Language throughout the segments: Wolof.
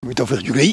muy tawfeex ju rëy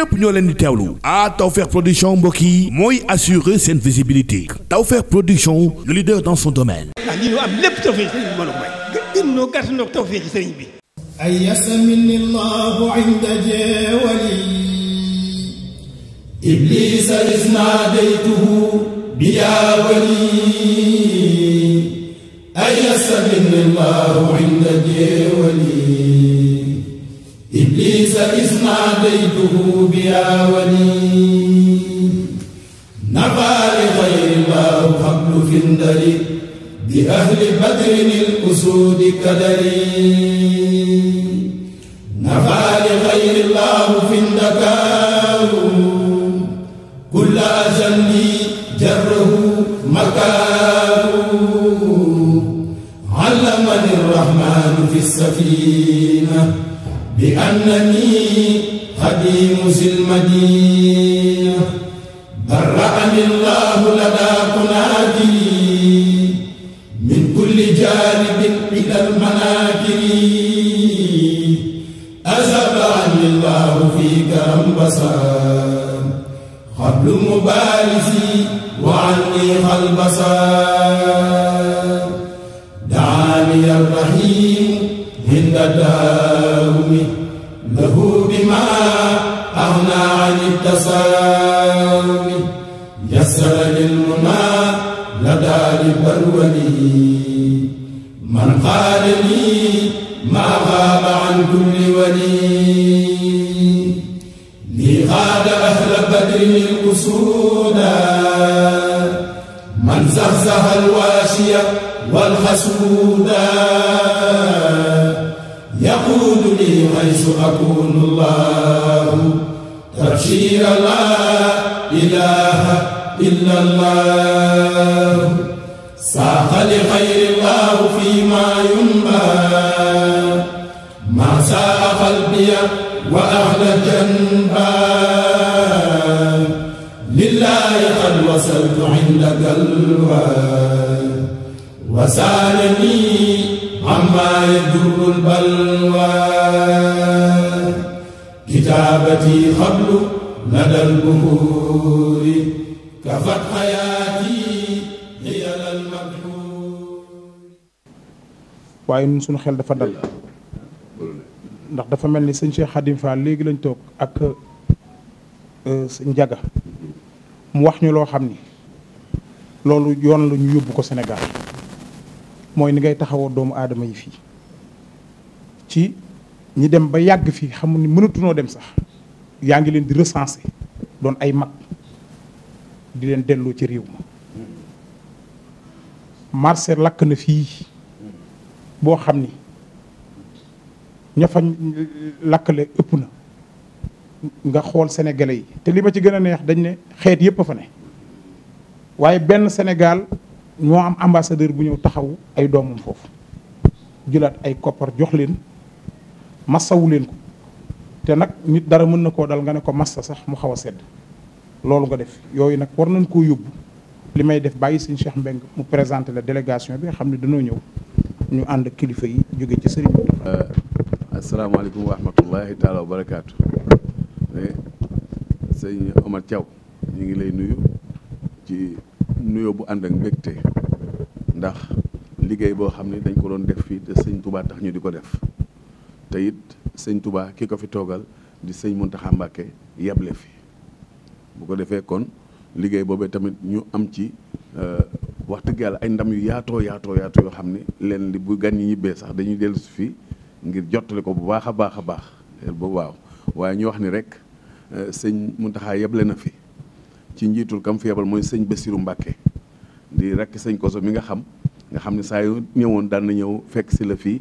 lépp ñoo leen di teewlu ah Tawfekh production mbokk yi mooy assurer seen visibilité Tawfekh production le leader dans son domaine. ah lii ñu am lépp Tawfekh sëriñ bi mbooloo mooy. gën gën ñoo gàtt ñoo Tawfekh sëriñ bi. ay yasamini allahu inda jeewali iblisa isnaadaytuhu bi yaa wali ay yasamini allahu inda jeewali إذ ناديته بيا ولي نفى لغير الله حبل فندري بأهل بدر الأسود كدري نفى لغير الله فندكار كل أجلي جره مكار علمني الرحمن في السفينة bi annani xadimu silmadina barraani llahu lada kunaadiri min kulli janibin ilal manakiri azabaani llahu fika ambasam xablu mubarisi wa anni xalbasam daani arrahim hinda التسامي يسر للمنى لدى البروني من قال لي ما غاب عن كل ولي لي غاد أهل بدر الأسودا من زهزه الواشية والحسودا يقول لي حيث أكون الله bashira la ilaha illa allah saqa li xayri allah fi ma yumba ma saa qalbiya wa ahla janba lillahi qad wasaltu inda qalba wasalani amma yadurru albalwa kitaabati qablu لدى البحور كفت حياتي هي المدحور waaye ñun suñu xel dafa dal ndax dafa mel ni sëñ Cheikh Khadim léegi lañ toog ak euh, sëñ Njaga mu wax ñu loo xam ni loolu yoon la ñu yóbbu ko Sénégal mooy ni ngay taxawoo doomu aadama yi fii ci ñi dem ba yàgg fii xamu ni mënatunoo dem sax yaa ngi leen di recenser doon ay mag di leen delloo ci réew ma marché lakk na fii boo xam ni ña fa lakkale ëpp na nga xool sénégalais yi te li ma ci gën a neex dañ ne xeet yëpp a fa ne waaye benn senegal ñoo am ambassadeur bu ñëw taxaw ay doomam foofu jëlaat ay koppar jox leen massawu leen ko te nag nit dara mën na koo dal nga ne ko massa sax mu xaw a sedd loolu nga def yooyu nag war nañ koo yóbbu li may def bàyyi sëñ Cheikh Mbeng mu présenté la délégation bi xam ne dañoo ñëw ñu ànd kilifa yi jóge ci sëriñ bi. Euh, asalaamaaleykum wa rahmatullahi eh, sëñ Omar Thiaw ñu ngi lay nuyu ci nuyoo bu ànd ak ndax liggéey boo xam ne dañ ko doon def fii te sëñ Touba tax ñu di ko def te sëñ tubaa ki ko fi toogal di sëñ Mountakha Mbacké yeble fi bu ko defee kon liggéey boobee tamit ñu am ci euh, wax dëgg yàlla ay ndam yu yaatoo yaatoo yaatoo yoo xam ne leen li bu gan yi ñibbee sax dañuy dellu si fii ngir jottale ko bu baax a baax a baax boobu waaw waaye ñu wax ni rek euh, sëñ Mountakha yeble na fi ci njiitul kam fi yebal mooy sëñ Bassirou Mbacké di rakk sëñ Koso mi nga xam nga xam ne saa yu ñëwoon daan na ñëw fekk si la fii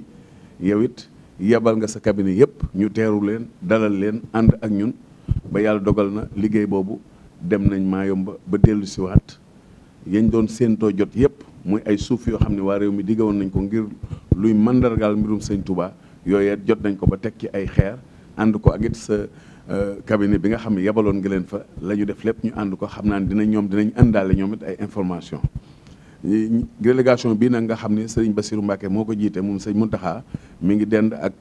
yow it yebal nga sa cabinet yëpp ñu teeru leen dalal leen ànd ak ñun ba yàlla dogal na liggéey boobu dem nañ maa Mayumba ba dellu si waat yañ doon séentoo jot yëpp muy ay suuf yoo xam ne waa réew mi digga woon nañ ko ngir luy mandargaal mbirum sëñ Touba yooyee jot nañ ko ba teg ci ay xeer ànd ko ak it sa euh, cabinet bi nga xam ne yabaloon nga leen fa la ñu def lépp ñu ànd ko xam naa ne dinañ ñoom dinañ indaale ñoomit ay information délégation bii nag nga xam ne sëriñ basiru Mbacke moo ko jiite moom sëñ Mountakha mi ngi dend ak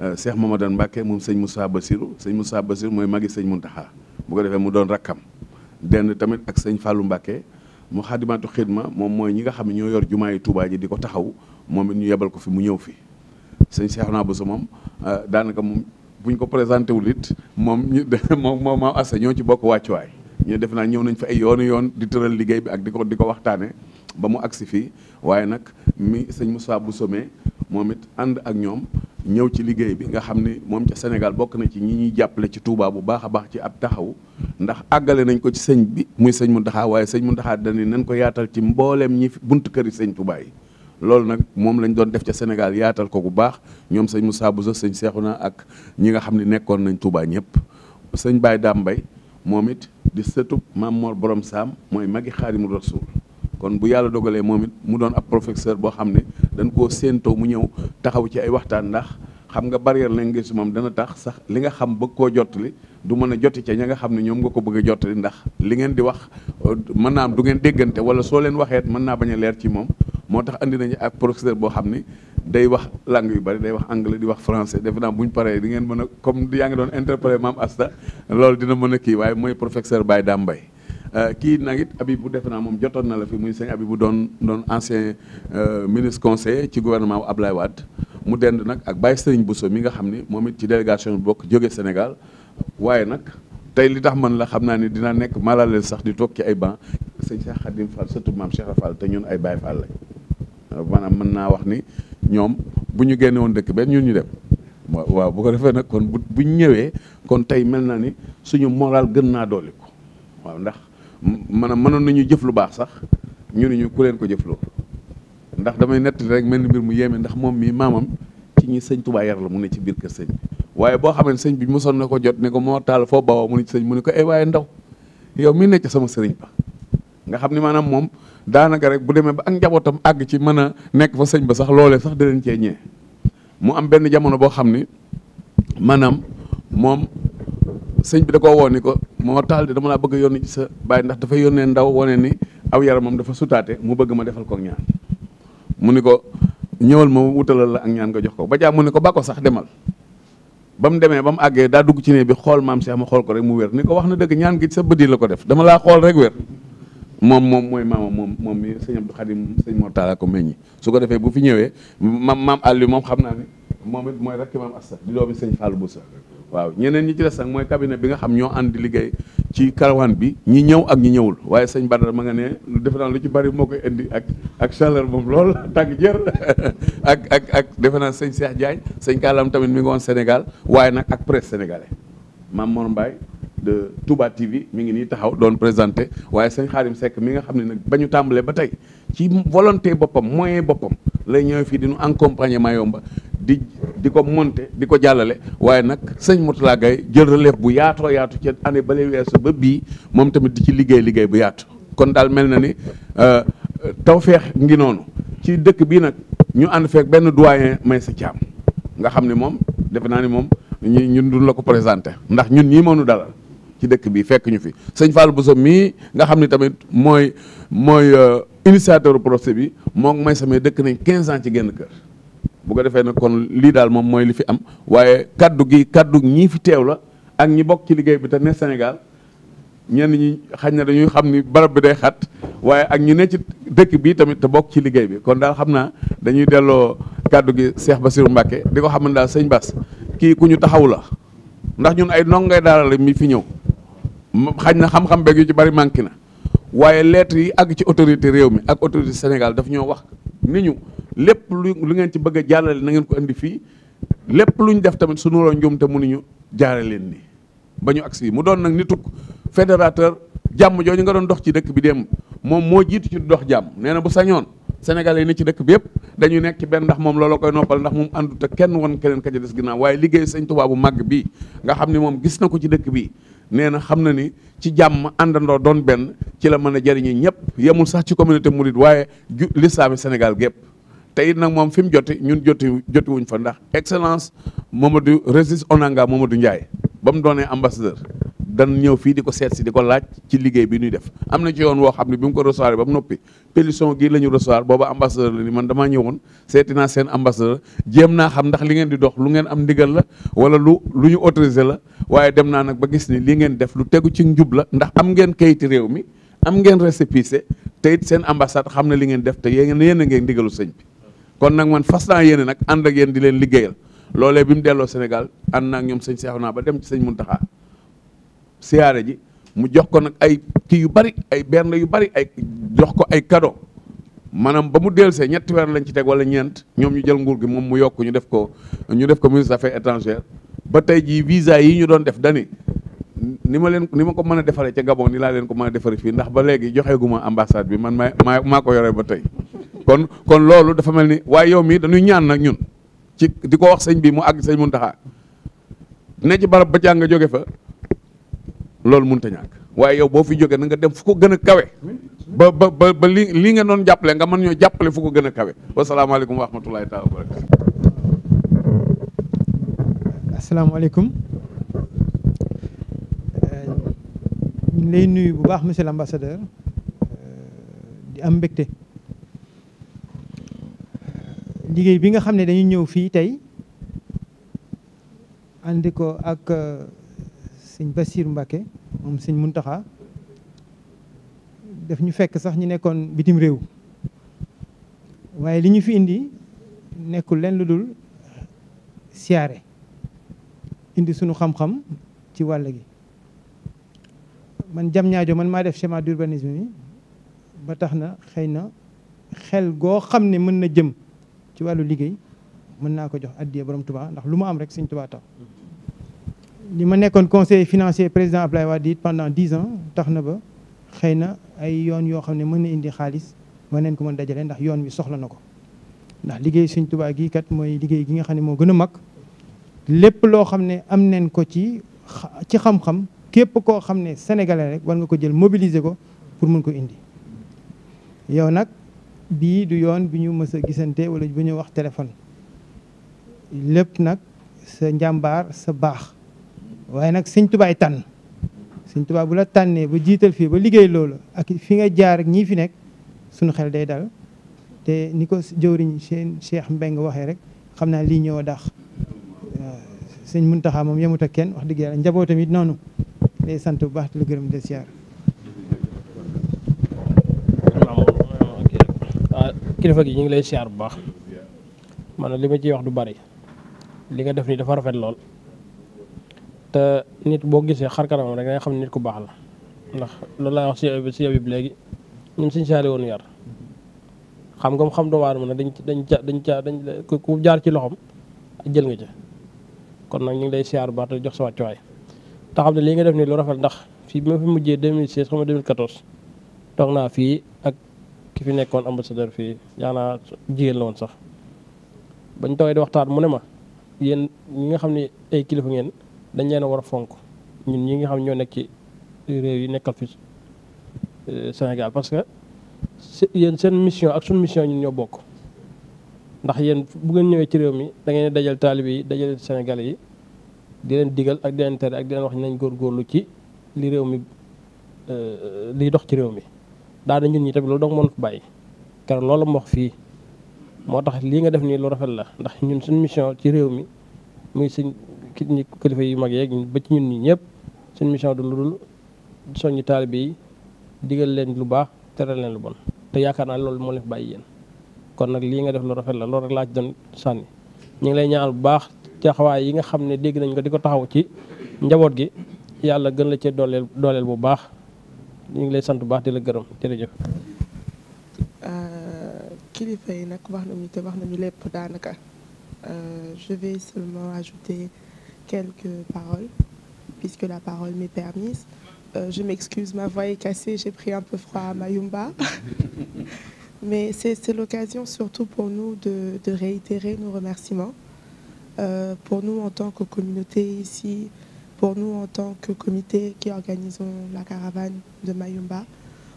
euh, Cheikh Mamadou Mbacke moom sëñ Moussa Bassirou sëñ Moussa Bassirou mooy magi sëñ Mountakha bu ko defee mu doon rakkam dend tamit ak sëñ Fallou Mbacke mu xaadimaatu xidma moom mooy ñi nga xam ne ñoo yor jumaa yi Touba ji di ko taxaw moom it ñu yebal ko fi mu ñëw fi sëñ Cheikh naa sa moom euh, daanaka moom buñ ko présenté wul it moom ñu moom moom maam Assa ñoo ci bokk wàccuwaay ñu def naa ñëw nañ fa ay yoonu yoon di tëral liggéey bi ak di ko di ko waxtaane ba mu agsi fii waaye nag mi sëñ Moussa bu somee moom it ànd ak ñoom ñëw ci liggéey bi nga xam ni moom ca Sénégal bokk na ci ñi ñuy jàppale ci Touba bu baax a baax ci ab taxaw ndax àggale nañ ko ci sëñ muy sëñ Mountakha waaye sëñ Mountakha dañu nañ ko yaatal ci mbooleem ñi buntu kër yi sëñ Touba yi loolu nag moom lañ doon def ca Sénégal yaatal ko bu baax ñoom sëñ Moussa Bousso sëñ Cheikhouna ak ñi nga xam ni nekkoon nañ Touba ñëpp sëñ baay Dame Mbaye moom it di sëtub Maam Mor Borom Saam mooy magi xaari Xaadimu Rasuul kon bu yàlla dogalee moom it mu doon ab professeur boo xam ne dañ koo séentoo mu ñëw taxaw ci ay waxtaan ndax xam nga barrière la ngeen si moom dana tax sax li nga xam bëgg koo jottali du mën a joti ca ña nga xam ne ñoom nga ko bëgg a ndax li ngeen di wax mën naa am du ngeen déggante wala soo leen waxeet mën naa bañ a leer ci moom moo tax andi nañu ak professeur boo xam ni day wax langue yu bari day wax anglais di wax français defe naa bu ñu ngeen mën a comme yaa ngi doon interpréter maam Asta loolu dina waaye mooy professeur Baye Dame Mbaye Euh, kii nag it abi bu defe naa moom jotoon na la fi muy sëñ Habibou doon doon ancien euh, ministre conseiller ci gouvernement bu Abdoulaye Wade mu dend nag ak Baye bu Bousso mi nga xam ni moom it ci délégation bi bokk jóge Sénégal waaye nag tey li tax man la xam naa ni dina nekk malaleel sax di toog ci ay banc sëñ Cheikh Khadim Fall surtout maam Cheikh Fall te ñun ay Baye Fall lañ euh, maanaam mën naa wax ni ñoom bu ñu génne woon dëkk benn ñun ñu dem waaw bu ko defee nag kon bu bu ñëwee kon tey mel na ni suñu moral gën naa dooli ko maanaam mënoon nañu jëf lu baax sax ñu ne ñu ku leen ko jëfloo ndax damay nettali rek mel ni mbir mu yéeme ndax moom mii maamam ci ñi sëñ Tuubaa yar la mu ne ci biir kër sëñ waaye boo xamee sëñ bi mosoon na ko jot ne ko moo taal foo bawoo mu ne ci sëñ mu ne ko ay eh, waaye ndaw yow mii nekk sama sëriñ ba nga xam ni maanaam moom daanaka rek bu demee ba ak njabootam àgg ci mën a nekk fa sëñ ba sax loolee sax dinañ cee ñee mu am benn jamono boo xam ni maanaam moom sëñ bi da ko woo ni ko moo taal de dama laa bëgg a yónni ci sa baay ndax dafa yónnee ndaw wane ni aw moom dafa sutaate mu bëgg ma defal ko ak ñaan mu ni ko ñëwal ma wutalal la ak ñaan nga jox ko ba jaa mu ko ba ko sax demal ba mu demee ba mu àggee daa dugg ci bi xool maam Cheikh xool ko rek mu wér ni ko wax na dëgg ñaan sa bët yi la ko def dama laa xool rek wér moom moom mooy maama moom moom mi sëñ Abdou Khadim sëñ Mor Talla ko meññi su ko defee bu fi ñëwee maam maam Aliou moom xam naa ni moom it mooy rek maam Assa di doomi sëñ Fallou Boussa waaw ñeneen ñi ci des nag mooy cabinet bi nga xam ñoo ànd liggéey ci caravane bi ñi ñëw ak ñi ñëwul waaye sëñ Badara ma nga ne defe naa lu ci bari moo koy indi ak ak chaleur moom lool tàng jër ak ak ak defe naa sëñ Cheikh Diagne sëñ Kaalam tamit mi ngi woon Sénégal waaye nag ak presse sénégalais Mame Mor Mbaye de Touba TV mi ngi nii taxaw doon présenté waaye sëñ Xaarim sekk mi nga xam ne nag ba ñu tàmbalee ba tey ci volonté boppam moyen boppam lay ñëwee fii dinu nu accompagner Mayomba di di ko monter di ko jàllale waaye nag sëñ Moutala Gaye jël relève bu yaatoo yaatu ca année bale weesu ba bii moom tamit di ci liggéey liggéey bu yaatu kon daal mel na ni euh, tawfeex ngi noonu ci dëkk bii nag ñu ànd feek benn doyen may sa caam nga xam ne moom defe naa ni moom ñun duñ la ko présenté ndax ñun ñii moonu dalal ci dëkk bi fekk ñu fi sëñ bu Bousso mii nga xam ni tamit mooy mooy euh, initiateur projet bi moo may samay dëkk nañ 15 ans ci genn kër bu ko defee nag kon lii daal moom mooy li fi am waaye kàddu gi kaddu ñii fi teew la ak ñi bokk ci liggéey bi te ne Sénégal ñenn ñi xañ na dañuy xam ni barab bi day xat waaye ak ñu ne ci dëkk bii tamit te bokk ci liggéey bi kon daal xam naa dañuy delloo kàddu gi Cheikh Bassirou Mbacké di ko xam ne daal sëñ Bass kii ku ñu taxaw la ndax ñun ay ndongo ngay mi fi ñëw. xañ na xam-xam beeg yu ci bari manqué na waaye lettres yi àgg ci autorité réew mi ak autorité Sénégal daf ñoo wax ni ñu lépp lu lu ngeen ci bëgg a jàllale na ngeen ko indi fii lépp lu ñu def tamit su nuroo njuum te mënuñu jaare leen nii ba ñu agsi mu doon nag ni tukk fédérateur jàmm jooju nga doon dox ci dëkk bi dem moom moo jiitu ci dox jàmm nee na bu sañoon sénégalais yi ne ci dëkk bi yëpp dañu nekk ci benn ndax moom looloo koy noppal ndax moom àndut ak kenn woon keneen ka ca des waaye liggéey sëñ Tuubaa bu màgg bii nga xam ne moom gis na ko ci dëkk bi nee na xam na ni ci jàmm àndandoo doon benn ci la mën a jëriñu ñëpp yemul sax ci communauté mouride waaye ju lislaami Sénégal gépp tey nag moom fi mu joti ñun joti joti fa ndax excellence Mamadou Régis Onanga Mamadou Ndiaye ba mu doonee ambassadeur dan ñëw fii di ko seet si di ko laaj ci liggéey bi nuy def am na ci yoon woo xam ne bi mu ko recevoir ba mu noppi pétition gii lañu ñu recevoir booba ambassadeur la ni man damaa ñëwoon seeti naa seen ambassadeur jéem naa xam ndax li ngeen di dox lu ngeen am ndigal la wala lu lu ñu autorisé la waaye dem naa nag ba gis ni li ngeen def lu tegu ci njub la ndax am ngeen kayiti réew mi am ngeen récépissé te it seen ambassade xam na li ngeen def te yéen yéen a ngeen ndigalu sëñ bi kon nag man fas yéene nag ànd ak yéen di leen liggéeyal loolee bi mu delloo Sénégal ànd naa ñoom sëñ Seexuna ba dem ci sëñ Muntaxa siyaare ji mu jox ko nag ay kii yu bari ay benn yu bari ay jox ko ay kado maanaam ba mu dellusee ñetti weer lañ ci teg wala ñeent ñoom ñu jël nguur gi moom mu yokk ñu def ko ñu def ko ministre affaires étrangères ba tey ji visa yi ñu doon def dani ni ma leen ni ma ko mën a defaree ca Gabon ni laa leen ko mën a defaree fii ndax ba léegi joxeeguma ambassade bi man maa maa maa ko yoree ba tey kon kon loolu dafa mel ni waaye yow mii dañuy ñaan nag ñun ci di ko wax sëñ bi mu àgg sëñ Muntaxa ne ci barab ba jàng nga fa loolu mënut a ñàkk waaye yow boo fi jógee na nga dem fu ko gën a kawe ba ba ba nga doon jàppale nga man ñoo jàppale fu ko gën a kawe wasalaamaaleykum wa rahmatulahi taala wa barakatu euh, lay nuyu bu baax monsieur l'ambassadeur euh, di am mbégte euh, liggéey bi nga xam ne dañu ñëw fii tey àndi ko ak sëñ Bassir Mbacke moom sëñ taxa def ñu fekk sax ñu nekkoon bitim réew waaye li ñu fi indi nekkul leen lu dul siyaare indi sunu xam-xam ci wàll gi man jam ñaajo man maa def schéma d'urbanisme yi ba tax na xëy na xel goo xam ne mën na jëm ci wàllu liggéey mën naa ko jox addiya borom tubaa ndax lu ma am rek sëñ Tuubaa tax li ma nekkoon conseiller financier président Ablaye waa it pendant dix ans tax na ba xëy na ay yoon yoo xam ne mën na indi xaalis mën neen ko mën dajale ndax yoon wi soxla na ko ndax liggéey suñ Tuubaa gii kat mooy liggéey gi nga xam ne moo gën a mag lépp loo xam ne am neen ko ci ci xam-xam képp koo xam ne sénégalais rek war nga ko jël mobiliser ko pour mën ko indi yow nag bii du yoon bi ñu mës a gisante walla bu ñu wax téléphone lépp nag sa njàmbaar sa baax waaye nag sëñ tubaay tànn sëñ tubaa bu la tànnee ba jiital fii ba liggéey loolu ak fi nga jaar rek ñii fi nekk suñu xel day dal te ni ko jëwriñ seen Cheikh Mbengue waxee rek xam naa lii ñëw a dàq sëñ Muntaxa moom yemut ak kenn wax dëgg yàlla njabootam it noonu day sant bu baax te la gërëm des siyaar ah, kilifa gi ñu ngi lay siyaar bu baax man li ma ciy wax du bari li nga def nii dafa rafet lool te nit boo gisee xar kanamam rek da xam ne nit ku baax la ndax loolu laa wax si si yow léegi ñun suñ saali woon yar xam nga xam doomu aadama nag dañ dañ ca dañ ca dañ ku jaar ci loxom jël nga ci kon nag ñu ngi lay siyaar jox sa wàccuwaay te xam ne nga def nii lu rafet ndax fii bi ma fi mujjee 2016 xam nga 2014 toog naa fii ak ki fi nekkoon ambassadeur fii yaa naa jigéen la woon sax bañ toogee di waxtaan mu ne ma yéen ñi nga xam ni ay kilifa ngeen dañ leen a war a fonk ñun ñi nga xam ñoo nekk ci réew yi nekkal fi euh, senegal parce que yéen seen mission ak suñu mission ñun ñoo bokk ndax yéen bu ngeen ñëwee ci réew mi da ngeen dajal taalib yi dajal Sénégalais yi di leen digal ak di ak di wax nañ góorgóorlu ci li réew mi euh, liy dox ci réew mi daana ñun ñi tamit loolu dong mën ko bàyyi car loolu mu wax fii moo tax lii nga def nii lu rafet la ndax ñun suñu mission ci réew mi muy suñ ñi kilifa yu mag yeeg ba ci ñun ñi ñëpp seen mission du lu dul soññi taalibe yi digal leen lu baax tere leen lu bon te yaakaar naa loolu moo leen fi bàyyi yéen kon nag lii nga def lu rafet la loolu rek laa ci doon sànni ñu ngi lay ñaanal bu baax taxawaay yi nga xam ne dégg nañ ko di ko taxaw ci njaboot gi yàlla gën la cee dooleel dooleel bu baax ñu ngi lay sant baax di la gërëm jërëjëf. Euh, kilifa yi nag te wax nañu daanaka euh, quelques paroles, puisque la parole m'est permise. Euh, je m'excuse, ma voix est cassée, j'ai pris un peu froid à Mayumba. Mais c'est l'occasion surtout pour nous de, de réitérer nos remerciements. Euh, pour nous en tant que communauté ici, pour nous en tant que comité qui organisons la caravane de Mayumba,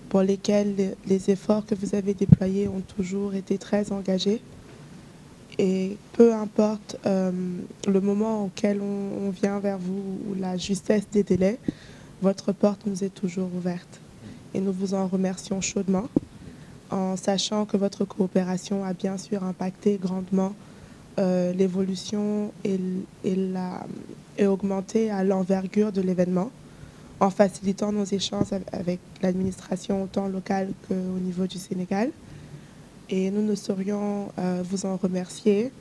pour lesquels les efforts que vous avez déployés ont toujours été très engagés. et peu importe euh, le moment auquel on, on, vient vers vous ou la justesse des délais, votre porte nous est toujours ouverte. Et nous vous en remercions chaudement, en sachant que votre coopération a bien sûr impacté grandement euh, l'évolution et, et, la, et augmenté à l'envergure de l'événement, en facilitant nos échanges avec l'administration autant locale qu'au niveau du Sénégal. et nous ne saurions euh, vous en remercier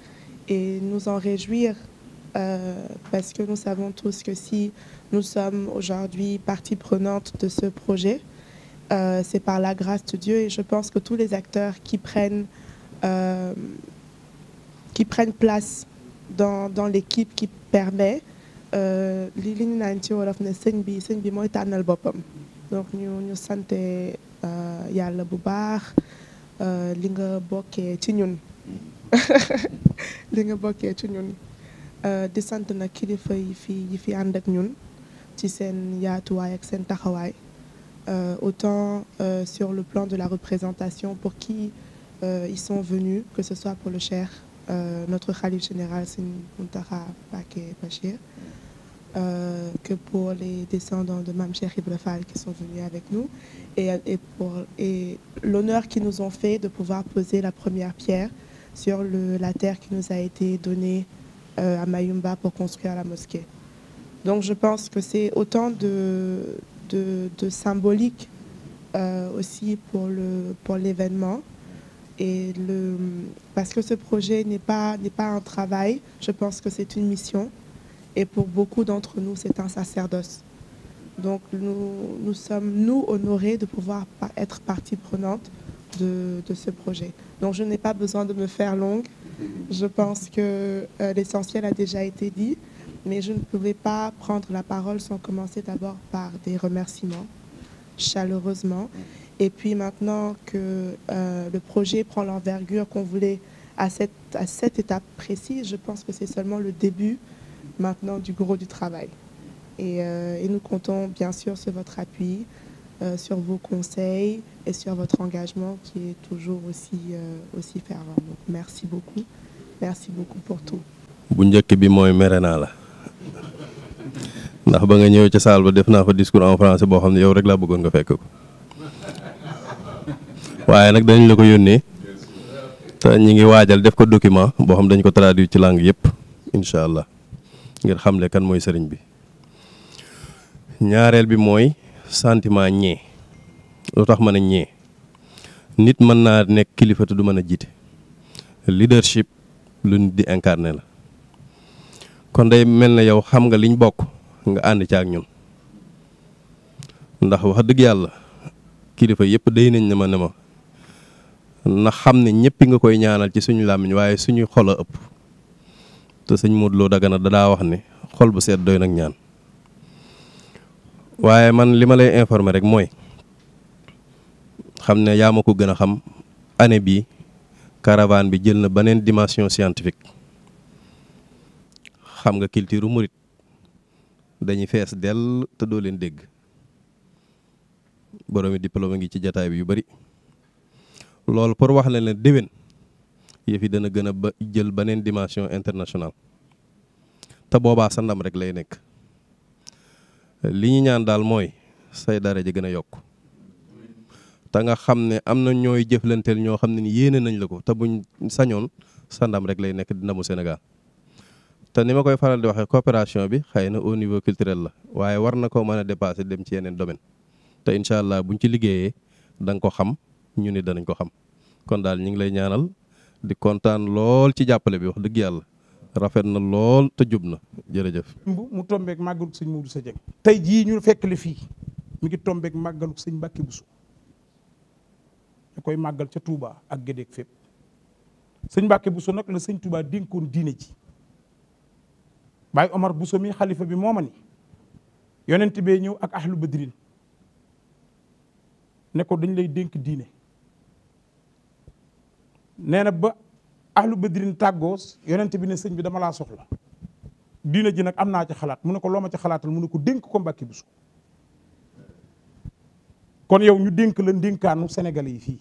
et nous en réjouir euh, parce que nous savons tous que si nous sommes aujourd'hui partie prenante de ce projet, euh, c'est par la grâce de Dieu et je pense que tous les acteurs qui prennent, euh, qui prennent place dans, dans l'équipe qui permet li li ñu naan ci wolof ne sëñ bi sëñ bi mooy tànnal boppam donc ñu ñu sant euh, yàlla bu baax Euh, li nga bokkee ci ñun li nga bokkee ci ñun euh, di sant nag kilifa yi fi yi fi ànd ak ñun ci seen yaatuwaay ak seen taxawaay euh, autant sur le plan de la représentation pour qui ils sont venus que ce soit pour le Cheikh notre khalife général Serigne Mountakha Mbacké Bachir euh, que pour les descendants de Mame Cheikh Ibra Fall qui sont venus avec nous et, et pour et l'honneur qu'ils nous ont fait de pouvoir poser la première pierre sur le, la terre qui nous a été donnée euh, à Mayumba pour construire la mosquée. Donc je pense que c'est autant de, de, de symbolique euh, aussi pour le, pour l'événement et le parce que ce projet n'est pas n'est pas un travail, je pense que c'est une mission Et pour beaucoup d'entre nous, c'est un sacerdoce. Donc nous, nous sommes, nous, honorés de pouvoir être partie prenante de, de ce projet. Donc je n'ai pas besoin de me faire longue. Je pense que euh, l'essentiel a déjà été dit, mais je ne pouvais pas prendre la parole sans commencer d'abord par des remerciements, chaleureusement. Et puis maintenant que euh, le projet prend l'envergure qu'on voulait à cette, à cette étape précise, je pense que c'est seulement le début maintenant du gros du travail. Et, euh, et nous comptons bien sûr sur votre appui, euh, sur vos conseils et sur votre engagement qui est toujours aussi, euh, fervent. bu njëkk bi mooy mere naa la ndax ba nga ñëwee ca salle ba def naa fa discours en français boo xam ne yow rek laa bëggoon nga fekk ko waaye nag dañ la ko yónnee te ñu ngi waajal def ko document boo xam dañu ko traduire ci langue yëpp incha allah. ngir xamle kan mooy sëriñ bi ñaareel bi mooy sentiment ñee lu tax mën a ñee nit mën naa nekk kilifa te du mën a jiite leadership lu nit di incarné la kon day mel na yow xam nga liñ bokk nga ànd ci ak ñun ndax wax dëgg yàlla kilifa yëpp day nañ ne ma ne ma na xam ne ñëpp nga koy ñaanal ci suñu làmmiñ waaye suñu xol a ëpp. te sëñ Modou Lo Dagana dadaa wax ne xol bu seet doy nag ñaan waaye man li ma lay informer rek mooy xam ne yaa ma ko gën a xam année bi caravane bi jël na beneen dimension scientifique xam nga culture murit dañuy fees dell te doo leen dégg boroomi diplôme ngi ci jataay bi yu bari loolu pour wax la ne déwén yëf dana gën a ba jël beneen dimension international te boobaa sa ndam rek lay nekk li ñu ñaan daal mooy say dara ji gën a yokk te nga xam ne am na ñooy jëflanteel ñoo xam ne nii yéene nañ la ko te buñ sañoon sa ndam rek lay nekk di ndamu Sénégal te ni ma koy faral di waxee coopération bi xëy na au niveau culturel la waaye war na koo mën a dépasser dem ci yeneen domaine te incha allah buñ ci liggéeyee danga nga ko xam ñu ni danañ ko xam kon daal ñu ngi lay ñaanal di kontaan lool ci jàppale bi wax dëgg yàlla rafet na lool te jub na jërëjëf. mu tombeek màggalu sëñ Sa tey jii ñu fekk fii mi ngi tombeek màggalu sëñ Mbàkke Buso ñu koy màggal ca tuubaa ak Gédéeg fépp sëñ Mbàkke Buso nag la sëñ Touba dénkoon diine ji Baay Omar Buso mi xalifa bi mooma ni yonent bee ñëw ak ahlu badrin ne dañ lay dénk diine. nee na ba ahlu badrin tàggoos yonent bi ne sëñ bi dama laa soxla diina ji nag am naa ci xalaat mu ne ko loo ma ci xalaatal mu ne ko dénk ko Mbàkke su kon yow ñu dénk la ndénkaanu senegal yi fii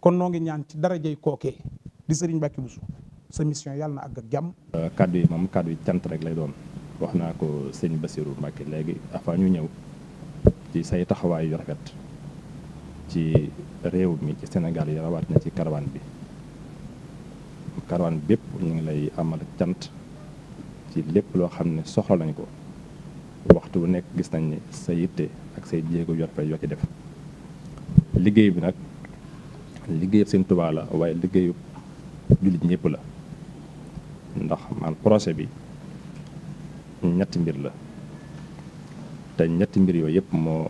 kon noo ngi ñaan ci darajay kookee di sëriñ Mbàkke Buso sa mission yàlla na àgg ak jàmm euh, kàddu yi moom kàddu yi cant rek lay doon wax naa ko sëñ Basiru Mbàkke léegi afa ñu ñëw ci say taxawaayu yu rafet ci réew mi ci Sénégal yi rawaat na ci caravane bi karwaan bépp ñu ngi lay amal cant ci lépp loo xam ne soxla nañ ko waxtu wu nekk gis nañ ni sa yitte ak say jéego yor fay yoo ci def liggéey bi nag liggéeyub seen Tuubaa la waaye liggéeyub jullit ñépp la ndax man projet bi ñetti mbir la te ñetti mbir yooyu yëpp moo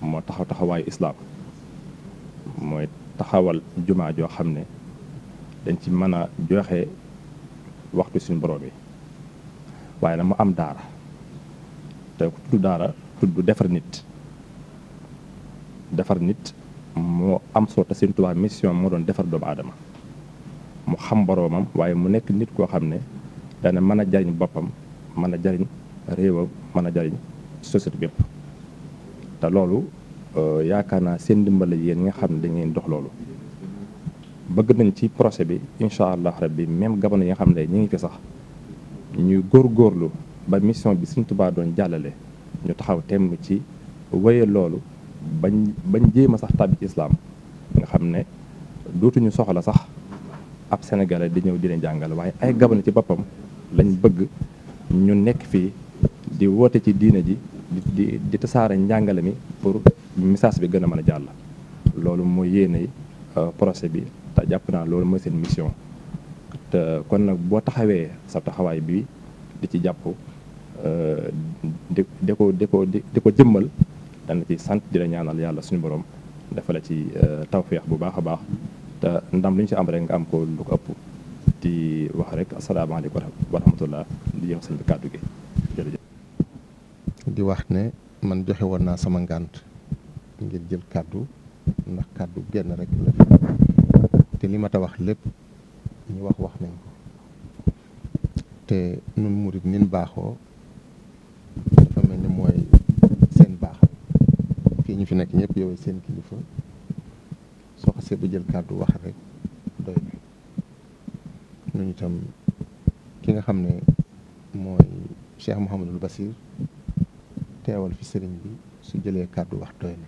moo taxaw taxawaayu islaam mooy taxawal jumaa joo xam ne dañ ci mën a joxe waxtu suñu borom yi waaye na mu am daara te ku tudd daara tudd defar nit defar nit moo am solo te Sëriñ Tuubaa mission moo doon defar doomu aadama mu xam boroomam waaye mu nekk nit koo xam ne dana mën a jariñ boppam mën a jariñ réewam mën a jariñ société bépp te loolu euh, yaakaar naa seen ndimbal yéen nga xam ne da ngeen dox loolu bëgg nañ ci procès bi incha allah rabbi même gabon yi nga xam ne ñu ngi fi sax ñuy góor góorlu ba mission bi Sëriñ Tuubaa doon jàllale ñu taxaw temm ci wéye loolu bañ bañ jéem a sax tàbbi ci islaam nga xam ne dootuñu soxla sax ab sénégalais di ñëw di leen waaye ay gabon ci boppam lañ bëgg ñu nekk fii di woote ci diina ji di di tasaare njàngale mi pour message bi gën a mën a jàll loolu mooy yéene euh, procès bi te jàpp naa loolu mooy seen mission te kon nag boo taxawee sa taxawaay bi di ci jàpp euh, di di ko di ko di ko jëmmal dana ci sant di la ñaanal yàlla suñu borom dafa la ci euh, tawféex bu baax a baax te ndam li ñu ci am rek nga am ko lu ko ëpp di wax rek asalaamaaleykum wa rahmatullah di jox sëñ bi kàddu gi di wax ne man joxe woon naa sama ngànt ngir jël kàddu ndax kàddu genn rek te li mat wax lépp ñu wax wax nañ ko te nun murit nin baaxoo dafa mel ni mooy seen baax fii ñu fi nekk ñëpp yow seen kilifa soo xasee ba jël kàddu wax rek doy na ñun itam ki nga xam ne mooy Cheikh Mouhamadul Basir teewal fi sëriñ bi su jëlee kàddu wax doy na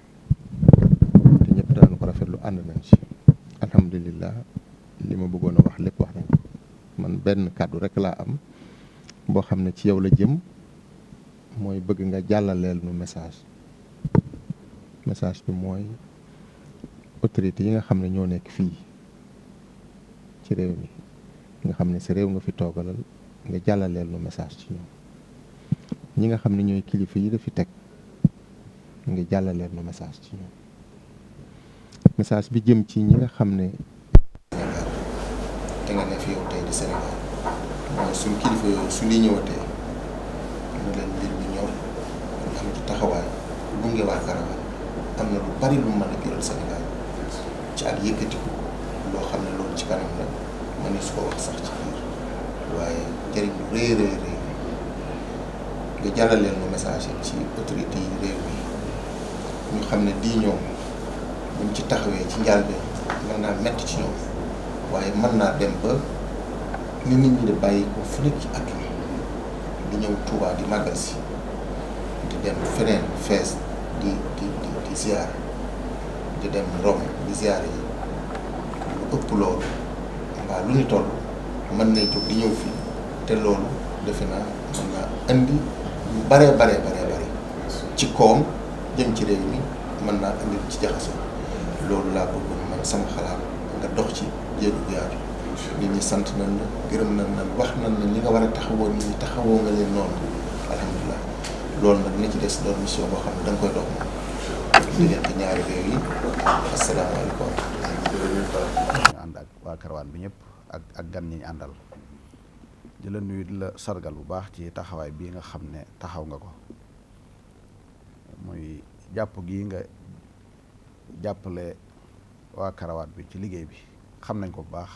te ñëpp daan ko rafetlu ànd nañ ci alhamdulilah li ma bëggoon a wax lépp wax nañ man benn kàddu rek laa am boo xam ne ci yow la jëm mooy bëgg nga jàllaleel nu message message bi mooy autorité yi nga xam ne ñoo nekk fii ci réew mi nga xam ne si réew nga fi toogalal nga jàllaleel nu message ci ñoom ñi nga xam ne ñooy kilifa yi la fi teg nga jàllaleel nu message ci ñoom ak message bi jëm ci ñi nga xam ne. te nga ne fi yow tey di Sénégal mooy suñu kilifa yooyu su lii ñëwatee ñu leen mbir bi ñor ñu am ci taxawaay gunge waa Caravane am na lu bari lu mën a biral Sénégal ci ak yëkkatiku loo xam ne loolu ci kanam la ma su ko wax sax ci biir waaye jëriñ lu rëy nga jàllaleel message ci autorité yi réew mi ñu xam ne di ñoom. buñ ci taxawee ci njaal bi mën naa metti ci ñoom waaye mën naa dem ba ni nit ñi di bàyyi ko fu nekk ci àdduna di ñëw Touba di màggal si di dem feneen fees di di di di ziar di dem Rome di ziar yi lu ëpp loolu mbaa lu ñu toll mën nay jóg di ñëw fii te loolu defe naa mën naa indi lu baree baree baree bare ci koom jën ci réew mi mën naa indi ci jaxasoo loolu laa bëggoon man sama xalaat nga dox ci jéego gu nit ñi sant nañ la gërëm nañ la wax nañ la li nga war a taxawoo nit ñi taxawoo nga leen noonu alhamdulilah loolu nag li ci des doon mission boo xam ne da koy dox moom. diggante ànd ak waa bi ñëpp ak ak gan ñi ñu àndal di la nuyu la sargal bu baax ci taxawaay bii nga xam ne taxaw nga ko muy jàpp gi nga. jàppale waa karawaat bi ci liggéey bi xam nañ ko bu baax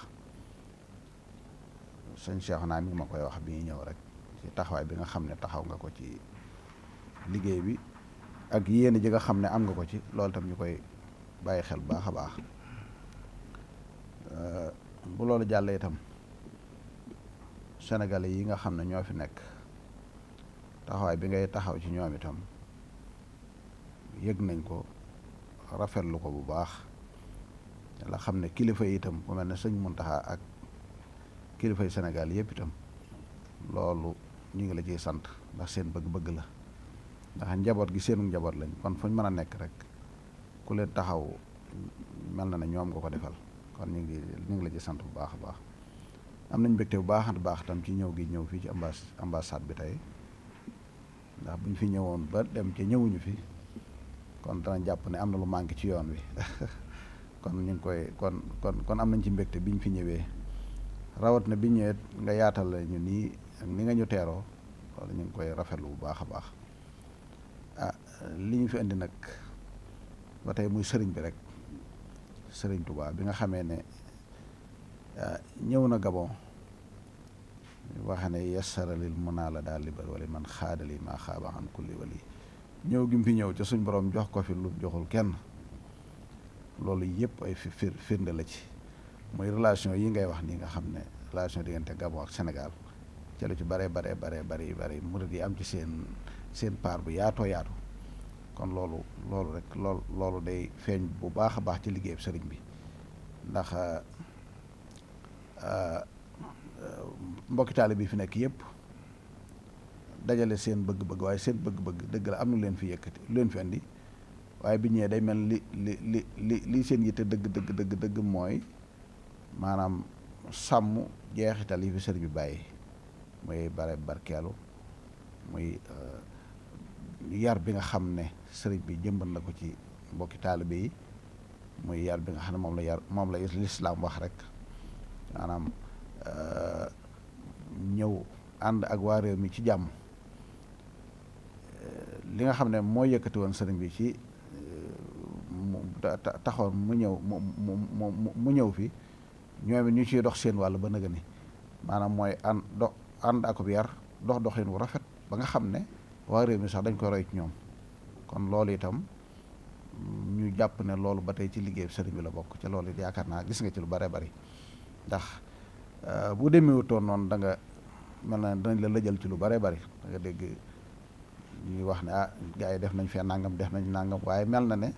sëñ Cheikh naa mi ma koy wax bi ñëw rek ci taxawaay bi nga xam ne taxaw nga ko ci liggéey bi ak yéen ji nga xam ne am nga ko ci loolu tam ñu koy bàyyi xel bu baax a baax bu loolu jàllee itam sénégalais yi nga xam ne ñoo fi nekk taxawaay bi ngay taxaw ci ñoom itam yëg nañ ko rafetlu ko bu baax la xam ne kilifa yi itam ku mel ne sëñ Muntaxa ak kilifa yi Sénégal yëpp itam loolu ñu ngi la ciy sant ndax seen bëgg-bëgg la ndax njaboot gi seenu njaboot lañ kon fuñ mën a nekk rek ku leen taxaw mel na ne ñoom nga ko defal kon ñu ngi ñu ngi la ci sant bu baax a baax am nañ mbégte bu baax a baax tam ci ñëw gi ñëw fii ci ambassade bi tey ndax buñ fi ñëwoon ba dem ci ñëwuñu fi kon dana jàpp ne am na lu manqué ci yoon wi kon ñu ngi koy kon kon kon am nañ ci mbégte ñu fi ñëwee rawat na bi ñëwee nga yaatal la ñu nii ni nga ñu teeroo loolu ñu ngi koy rafetlu bu baax a baax ah li ñu fi indi nag ba tey muy sëriñ bi rek sëriñ Touba bi nga xamee ne ah, ñëw na Gabon wax ne yassara naa la daal libal wali man xaadali maa xaaba an kulli wali ñëw gi fi ñëw ca suñ boroom jox ko fi lu joxul kenn loolu yëpp ay fir firnde la ci muy relation yi ngay wax nii nga xam ne relation diggante Gabon ak senegal ca lu ci bare bare bare bari bari murid yi am ci seen seen part bu yaatoo yaatu kon loolu loolu rek loolu loolu day feeñ bu baax a baax ci liggéeyub sëriñ bi ndax ah, ah, mbokki taalibe bi fi nekk yëpp dajale seen bëgg-bëgg waaye seen bëgg-bëgg dëgg la am na leen fi yëkkati lu leen fi andi waaye bi ñëwee day mel li li li seen yitte dëgg dëgg dëgg dëgg mooy maanaam sàmm jeexital yi fi sëriñ bi bàyyi muy bare barkeelu muy euh, yar bi nga xam ne sëriñ bi jëmbat na ko ci mbokki taalibe yi muy yar bi nga xam ne moom la yar moom la lislaam wax rek maanaam euh, ñëw ànd ak waa réew mi ci jàmm li nga xam ne moo yëkkati woon sëriñ bi ci euh, taxoon mu ñëw mu mu mu ñëw fi ñoom it ñu ciy dox seen wàll ba nëgë ni maanaam mooy ànd do ànd akub yar dox doxin wu rafet ba nga xam ne waa réew mi sax dañ koy roy ñoom kon loolu itam ñu jàpp ne loolu ba tey ci liggéey bi sëriñ bi la bokk ca loolu it yaakaar naa gis nga ci lu bare bari ndax euh, bu demewutoon noonu da nga mel na dañ la lëjal ci lu bare bari da dégg ñuy wax ne ah gaa yi def nañ fee nangam def nañ nàngam waaye mel na ne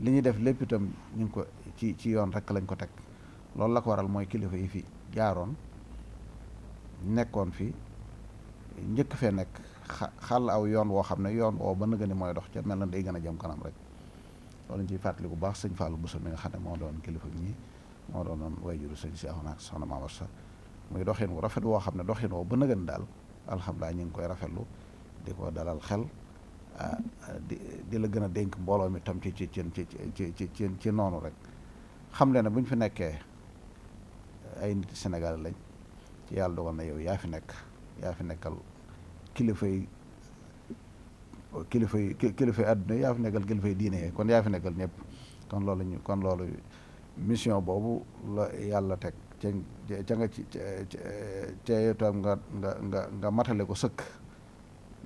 li ñuy def lépp itam ñu ngi ko ci ci yoon rek lañ ko teg loolu la ko waral mooy kilifa yi fi jaaroon nekkoon fi njëkk fee nekk xàll aw yoon woo xam ne yoon woo ba nëgë ni mooy dox ca mel na day gën a jëm kanam rek loolu ñu ciy fàttali bu baax sëñ Fallou Bousso mi nga xam ne moo doon kilifa ñi moo doonoon wayjuru sëñ si ak soxna Maam Asta muy doxin wu rafet woo xam ne doxin woo ba nëgë ni daal alhamdulilah ñu ngi koy rafetlu di ko dalal xel ah, di la gën a dénk mbooloo mi tam ci ci ci ci ci ci ci noonu rek xam le ne bu ñu fi nekkee ay nit Sénégal lañ ci yàlla dogal na yow yaa fi nekk yaa fi nekkal kilifa yi kilifa yi kilifa yi àdduna yaa fi nekkal kilifa yi kon yaa fi nekkal ñëpp kon loolu ñu kon loolu mission boobu la yàlla teg ca ca nga ci ca nga nga nga matale ko sëkk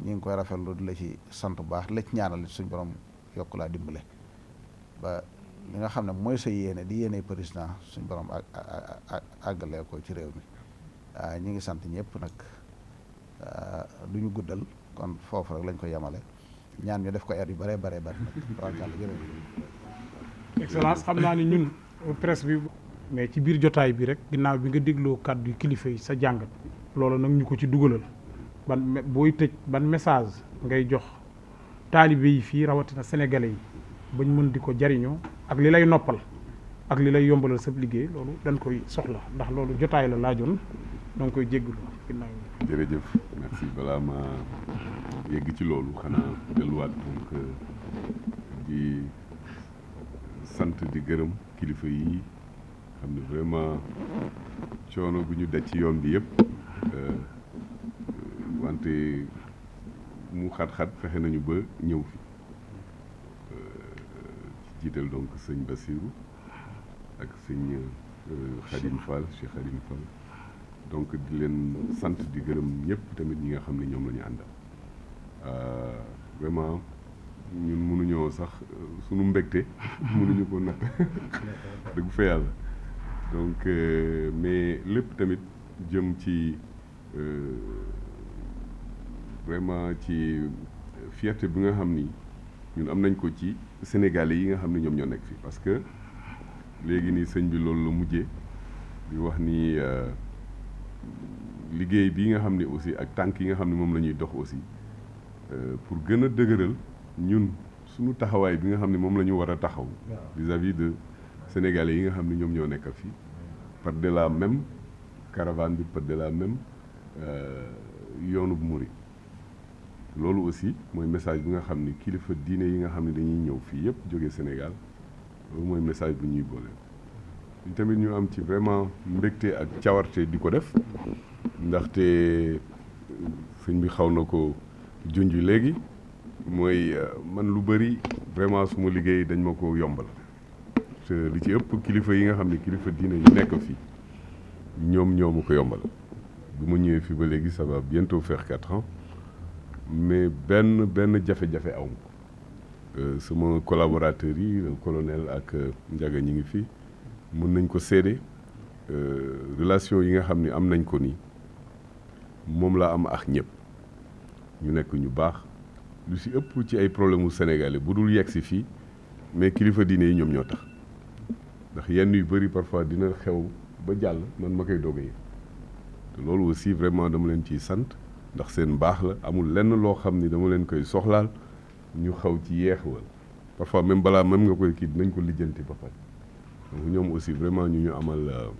ñu ngi koy rafetlu di la ci sant bu baax la ci ñaanal suñ borom yokk laa dimbale ba li nga xam ne mooy sa yéene di yéene président suñ borom àggale ko ci réew mi waaw ñu ngi sant ñëpp nag du ñu guddal kon foofu rek lañ ko yemale ñaan ñu def ko air yu bare bare bare nag excellence xam naa ni ñun presse bi mais ci biir jotaay bi rek ginnaaw bi nga dégloo kàddu kilifa yi sa jàngat loolu nag ñu ko ci dugalal ban booy tëj ban message ngay jox taalibe yi fii rawatina sénégalais yi bañ mun di ko jariñoo ak li lay noppal ak li lay yombalal sab liggéey loolu dañ koy soxla ndax loolu jotaay la laajoon da nga koy jégglu ginnaaw jërëjëf merci balaa ma yegg ci loolu xanaa delluwaat di sant di gërëm kilifa yi xam ne vraiment coono bu ñu daj ci yoon bi yëpp euh, wante mu xat-xat fexe nañu ba ñëw fii euh, ci jiital donc sëñ Bassirou ak sëñ euh, Khadim Fall Cheikh Khadim Fall donc di leen sant di gërëm ñëpp tamit ñi nga xam ne ñoom lañu ñu àndal euh, vraiment ñun mënuñoo sax sunu mbégte mënuñu ko natt dëgg fa yàlla donc mais lépp tamit jëm ci. vraiment ci fierté bi nga xam ni ñun am nañ ko ci sénégalais yi nga xam ne ñoom ñoo nekk fii parce que léegi nii sëñ bi loolu la mujjee di wax ni euh, liggéey bi nga xam ne aussi ak tànk yi nga xam ne moom la ñuy dox aussi euh, pour gën a dëgëral ñun suñu taxawaay bi nga xam ne moom la ñu war a taxaw vis-à-vis de sénégalais yi nga xam ne ñoom ñoo nekk fii par de la même caravane bi par de la même euh, yoonu murid loolu aussi mooy message bi nga xam ni kilifa diine yi nga xam ne dañuy ñëw fii yëpp jóge Sénégal loolu mooy message bu ñuy boole ñu tamit ñu am ci vraiment mbégte ak cawarte di ko def ndaxte euh, sëñ bi xaw na ko junj léegi mooy euh, man lu bëri vraiment suma liggéey dañ ma ko yombal te li ci ëpp kilifa yi nga xam ne kilifa diine yi nekk fii ñoom ñoo ma ko yombal bu ma ñëwee fii ba léegi ça va feex faire quatre ans mais benn benn jafe-jafe aw ma euh, sama collaborateurs yi colonel ak euh, Ndiaga ñi ngi fi mën nañ ko seede euh, relation yi nga xam ni am nañ ko ni moom laa am ax ñëpp ñu nekk ñu baax lu si ëpp ci ay problème mu sénégalais bu dul yegg si fii mais kilifa diine yi ñoom ñoo tax ndax yenn yu bëri parfois dina xew ba jàll man ma koy doog a te loolu aussi vraiment dama leen ciy sant. ndax seen baax la amul lenn loo xam ni dama leen koy soxlaal ñu xaw ci yeex wal parfois même balaa même nga koy kii nañ ko lijjanti ba donc ñoom aussi vraiment ñu ñu amal euh,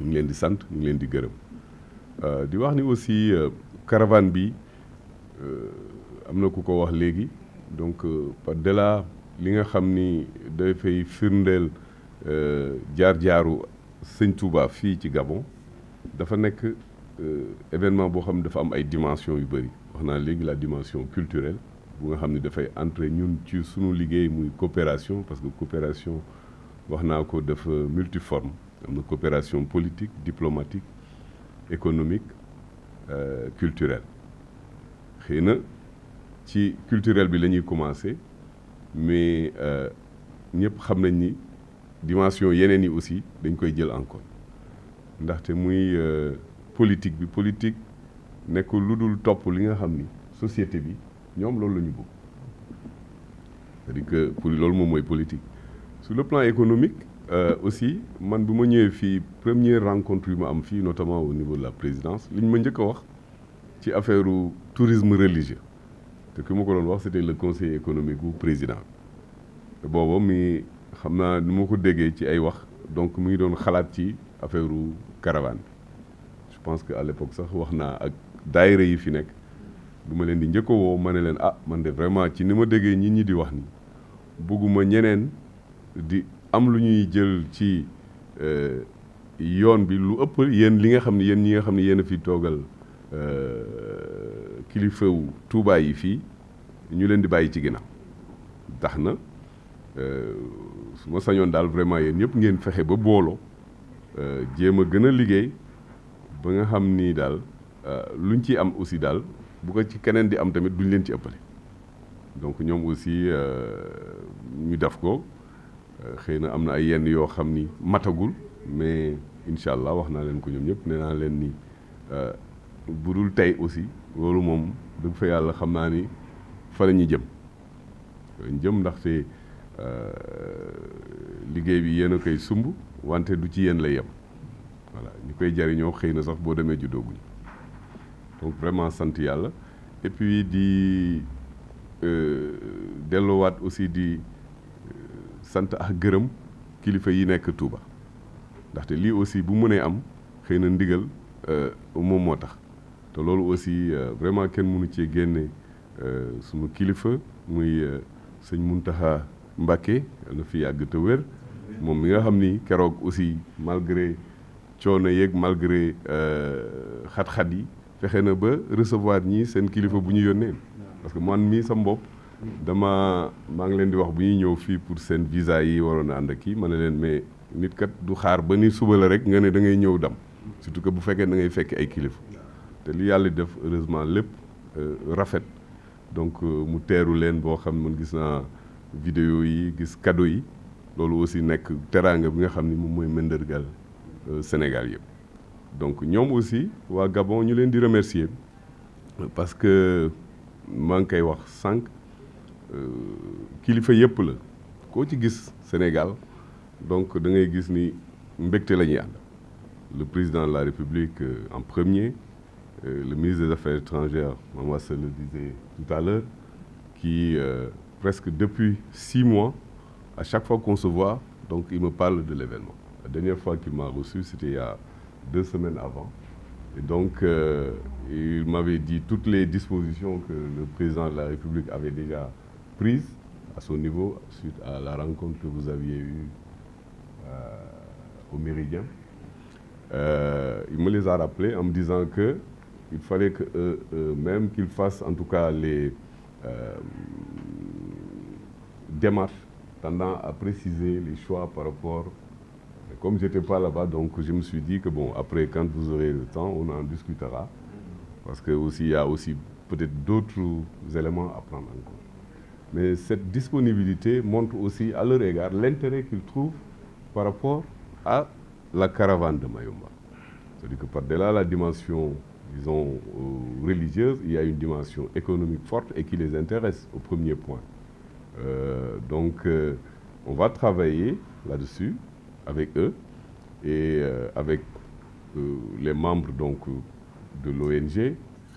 ñu leen di sant ñu leen di gërëm euh, di wax ni aussi euh, caravane bi am na ku ko wax léegi donc par delà li nga xam ni dafay firndeel jaar-jaaru sëñ Touba fii ci Gabon dafa nekk Euh, événement boo xam ne dafa am ay dimension yu bëri wax naa léegi la dimension culturelle bu nga xam ne dafay entre ñun ci suñu liggéey muy coopération parce que coopération wax naa ko dafa multiforme am na coopération politique diplomatique économique euh, culturelle xëy na ci culturel bi lañuy ñuy commencé mais euh, ñëpp xam nañ ni dimension yeneen yi aussi dañ koy jël en ndaxte muy euh, politique bi politique nekkul lu dul topp li nga xam ni société bi ñoom loolu lañu ñu bëgg c'est-à-dire loolu moom mooy politique su le plan économique euh, aussi man bi ma ñëwee fii premier rencontre yu ma am fii notamment au niveau de la présidence li ñu ma njëkk a wax ci affaire tourisme religieux te ki ma ko doon wax c'était le conseil économique bu président te booba mi xam naa nu ma ko déggee ci ay wax donc mu ngi doon xalaat ci affaire caravane pense que à sax wax naa ak daayira yi fi nekk du ma leen di njëkk a woo ma ne leen ah man de vraiment ci ni ma déggee ñi ñi di wax ni bëgguma ñeneen di am lu ñuy jël ci euh, yoon bi lu ëpp yéen li nga xam ne yéen ñi nga xam ne yéen a fi toogal euh, kilifewu Tuubaa yi fii ñu leen di bàyyi ci ginnaaw tax na euh, su ma sañoon daal vraiment yéen ñëpp ngeen fexe ba booloo jéem a gën a liggéey ba nga xam ni daal lu euh, luñ ci am aussi daal bu ko ci keneen di am tamit duñ leen ci ëppale donc ñoom aussi euh, ñu def ko euh, xëy na am na ay yenn yoo xam ni matagul mais incha allah wax naa leen ko ñoom ñëpp nee naa leen ni bu dul tey aussi loolu moom dëgg fa yàlla xam naa ni fa la ñuy jëm fa la ñuy jëm ndaxte liggéey bi yéen a koy sumb wante du ci yéen la yem. voilà ñu koy jariñoo xëy na sax boo demee juddooguñu donc vraiment sant yàlla et puis di euh, delluwaat aussi di euh, sant ak gërëm kilifa yi nekk Touba ndaxte lii aussi bu mënee am xëy na ndigal euh, moom moo tax te loolu aussi vraiment kenn munu cee génne sunu kilifa muy sëñ Muntaxa Mbàkke na fi yàgg te wér moom mi nga xam ni keroog aussi malgré coono yeeg malgré euh, xat-xat yi fexe na ba recevoir ñii seen kilifa bu ñu yónnee parce que man mii sa bopp dama maa ngi leen di wax bu ñuy ñëw fii pour seen visa yi waroon a ànd ak kii ma ne leen mais nit kat du xaar ba ni suba la rek nga ne da ngay ñëw dam surtout que bu fekkee na ngay fekk ay kilifa te li yàlla def heureusement lépp euh, rafet donc euh, mu teeru leen boo xam man gis naa vidéo yi gis cadeau yi loolu aussi nekk teraanga bi xam ni moom mooy mëndargal Euh, Sénégal yëpp donc ñoom aussi waa Gabon ñu leen di remercier parce que maa ngi koy wax sànq euh, kilifa yëpp la koo ci gis Sénégal donc da ngay gis ni mbégte la ñuy ànd le président de la République euh, en premier le ministre des Affaires étrangères Mama Sall le disait tout à l'heure qui presque depuis six mois à chaque fois qu'on donc il me parle de l'événement La dernière fois qu'il m'a reçu, c'était il deux semaines avant. Et donc, euh, il m'avait dit toutes les dispositions que le président de la République avait déjà prises à son niveau suite à la rencontre que vous aviez eue euh, au Méridien. Euh, me les a rappelées en me disant que il fallait que euh, euh, même mêmes qu'ils en tout cas les démarches tendant à préciser les choix par rapport comme j'étais pas là donc je me suis dit que bon, après, quand vous aurez le temps, on en discutera. Parce que aussi, y a aussi peut-être d'autres éléments à prendre en Mais cette disponibilité montre aussi à leur égard l'intérêt qu'ils trouvent par rapport à la caravane de Mayomba. C'est-à-dire que par-delà la dimension, disons, euh, religieuse, il y a une dimension économique forte et qui les intéresse au premier point. Euh, donc, euh, on va travailler là-dessus avec eux et euh, avec euh, les membres donc de l'ONG,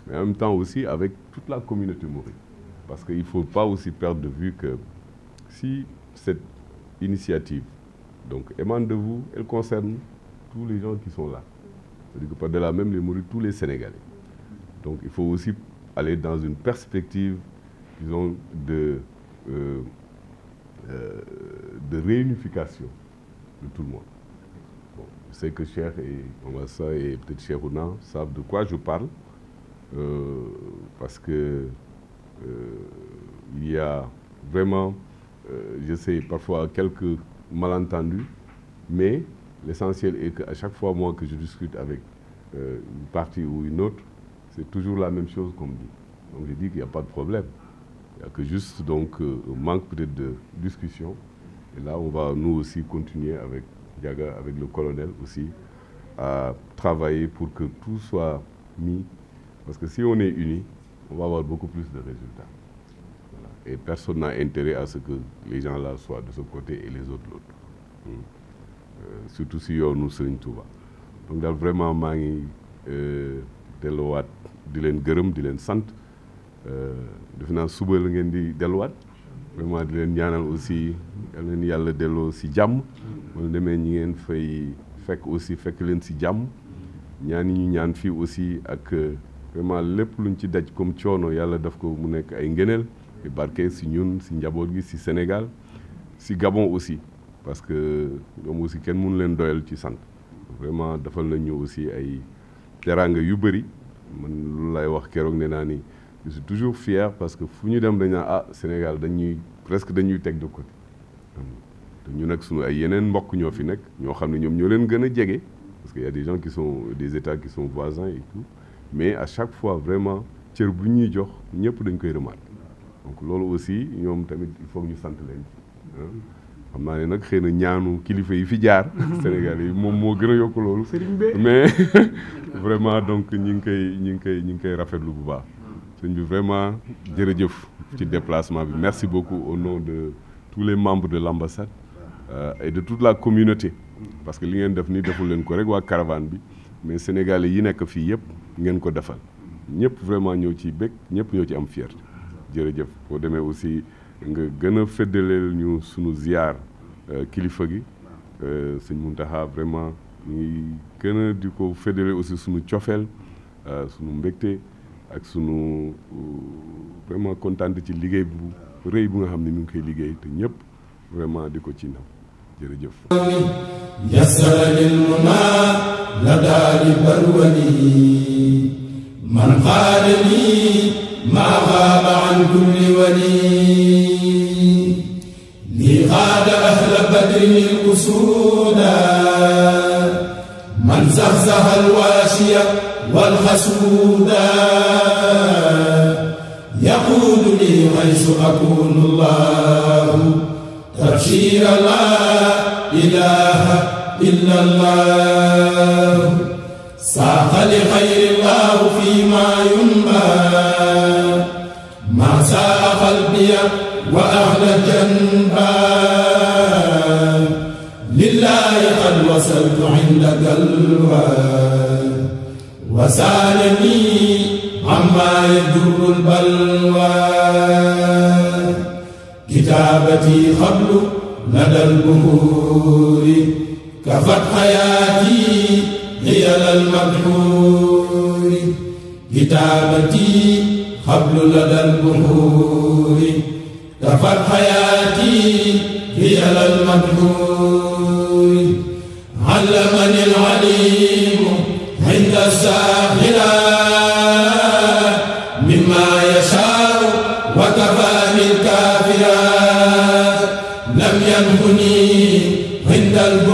mais en même temps aussi avec toute la communauté mouride. Parce qu'il ne faut pas aussi perdre de vue que si cette initiative donc, est de vous, elle concerne tous les gens qui sont là. par de là même les mourir tous les Sénégalais. Donc il faut aussi aller dans une perspective, disons, de, euh, euh, de réunification. de tout le monde. je sais que Cheikh et Mamassa et peut-être Cheikh Ouna savent de quoi je parle, euh, parce que euh, il y a vraiment, euh, je sais, parfois quelques malentendus, mais l'essentiel est qu'à chaque fois, moi, que je discute avec euh, une partie ou une autre, c'est toujours la même chose qu'on me dit. Donc, je dis qu'il n'y a pas de problème. Il que juste, donc, euh, un manque peut-être de discussion. laa là, on va nous aussi continuer avec Diaga, avec le colonel aussi, à travailler pour que tout soit mis. Parce que si on est unis, on va avoir beaucoup plus de résultats. Voilà. Et personne n'a intérêt à ce que les gens là soient de ce côté et les autres l'autre. Hmm. Euh, surtout si yow nu Serigne Touba. donc daal vraiment maa ngi euh, delluwaat di leen gërëm di leen sant euh, defe naa suba la ngeen di delluwaat vraiment di leen ñaanal aussi. yal leen yàlla delloo si jàmm wala demee ñi ngeen fay fekk aussi fekk leen si jàmm ñaan yi ñu ñaan fii aussi ak euh, vraiment lépp lu luñ ci daj comme coono yàlla daf ko mu nekk ay ngëneel di barke si ñun si njaboot gi si Sénégal si Gabon aussi parce que euh, ñoom aussi kenn mënu leen doyal ci sant vraiment dafal nañu aussi ay teraanga yu bëri man lu lay wax keroog nee naa ni je toujours fier parce que fu ñu dem dañ naan ah Sénégal dañuy presque dañuy teg de côté te ñu nekk suñu ay yeneen mbokk ñoo fi nekk ñoo xam ne ñoom ñoo leen gën a jege parce que y a des gens qui sont des états qui sont voisins et tout mais à chaque fois vraiment cër bu ñuy jox ñëpp dañ koy remaat donc loolu aussi ñoom tamit il ñu sant leen xam naa ne nag xëy na ñaanu kilifa yi fi jaar Sénégal yi moom moo gën a yokk loolu mais vraiment donc ñi ngi koy ñi ngi koy ñi ngi koy rafetlu bu baax sëñ bi vraiment jërëjëf ci déplacement bi merci beaucoup au nom de tous les membres de l'ambassade euh, et de toute la communauté parce que li ngeen def ni deful leen ko rek waa caravane bi mais sénégalais yi nekk fii yëpp ngeen ko defal ñëpp vraiment ñëw ci bëgg ñëpp ñoo ci am fierté jërëjëf boo demee aussi nga gën a feddaleel ñu sunu ziar euh, kilifa gi euh, sëñ Muntaxa vraiment ñu ngi gën a di ko feddale aussi sunu cofeel sunu mbégte ak sunu vraiment kontaan ci liggéey bu rëy bu nga xam ne mi ngi koy liggéey te ñëpp vraiment di ko ci nam jërëjëf man xaarani maa xaaba an kulli wali lii xaada ahla badrin usuuda man saxsaxa alwaasiya walxasuuda يقودني حيث أكون الله تبشير لا إله إلا الله ساق لخير الله فيما ينبى ما ساء قلبي وأهل جنبا لله قد وصلت عند قلبا وسالني عما يدر البلوى كتابتي قبل لدى البهور كفت حياتي حيل المدحور كتابتي قبل لدى البهور كفت حياتي حيل المدحور علمني العليم عند الساعه dal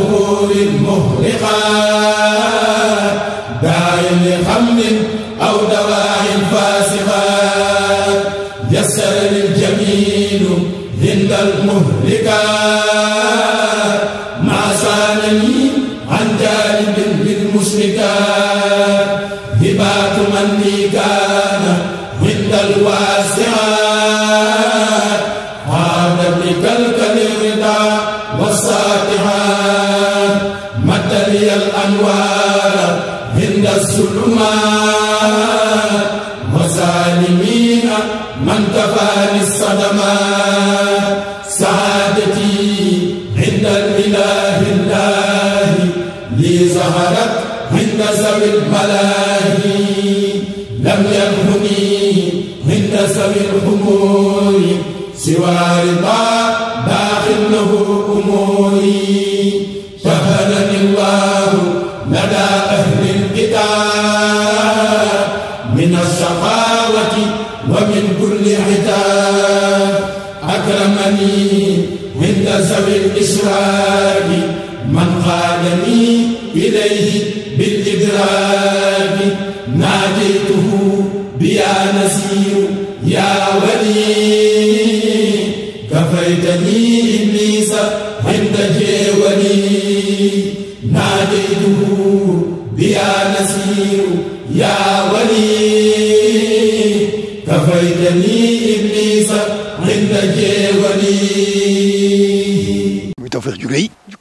من السخاوة ومن كل عتاب أكرمني عند ذوي الإسراء من قادني إليه بالإدراك ناديته بيا نسير يا ولي كفيتني إبليس عند جيولي ناديته bi yaa nasiiru yaa wali kafaytani ibliisa inda jeewali muy tawfeex ju rëy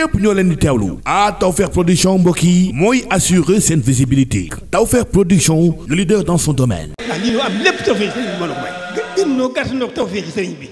ñëpp ñoo leen di teewlu ah Tawfekh production mbokk yi mooy assurer seen visibilité Tawfekh production le leader dans son domaine. Ah, am lépp Tawfekh sëriñ bi mën a may. gën noo gàtt noo Tawfekh bi.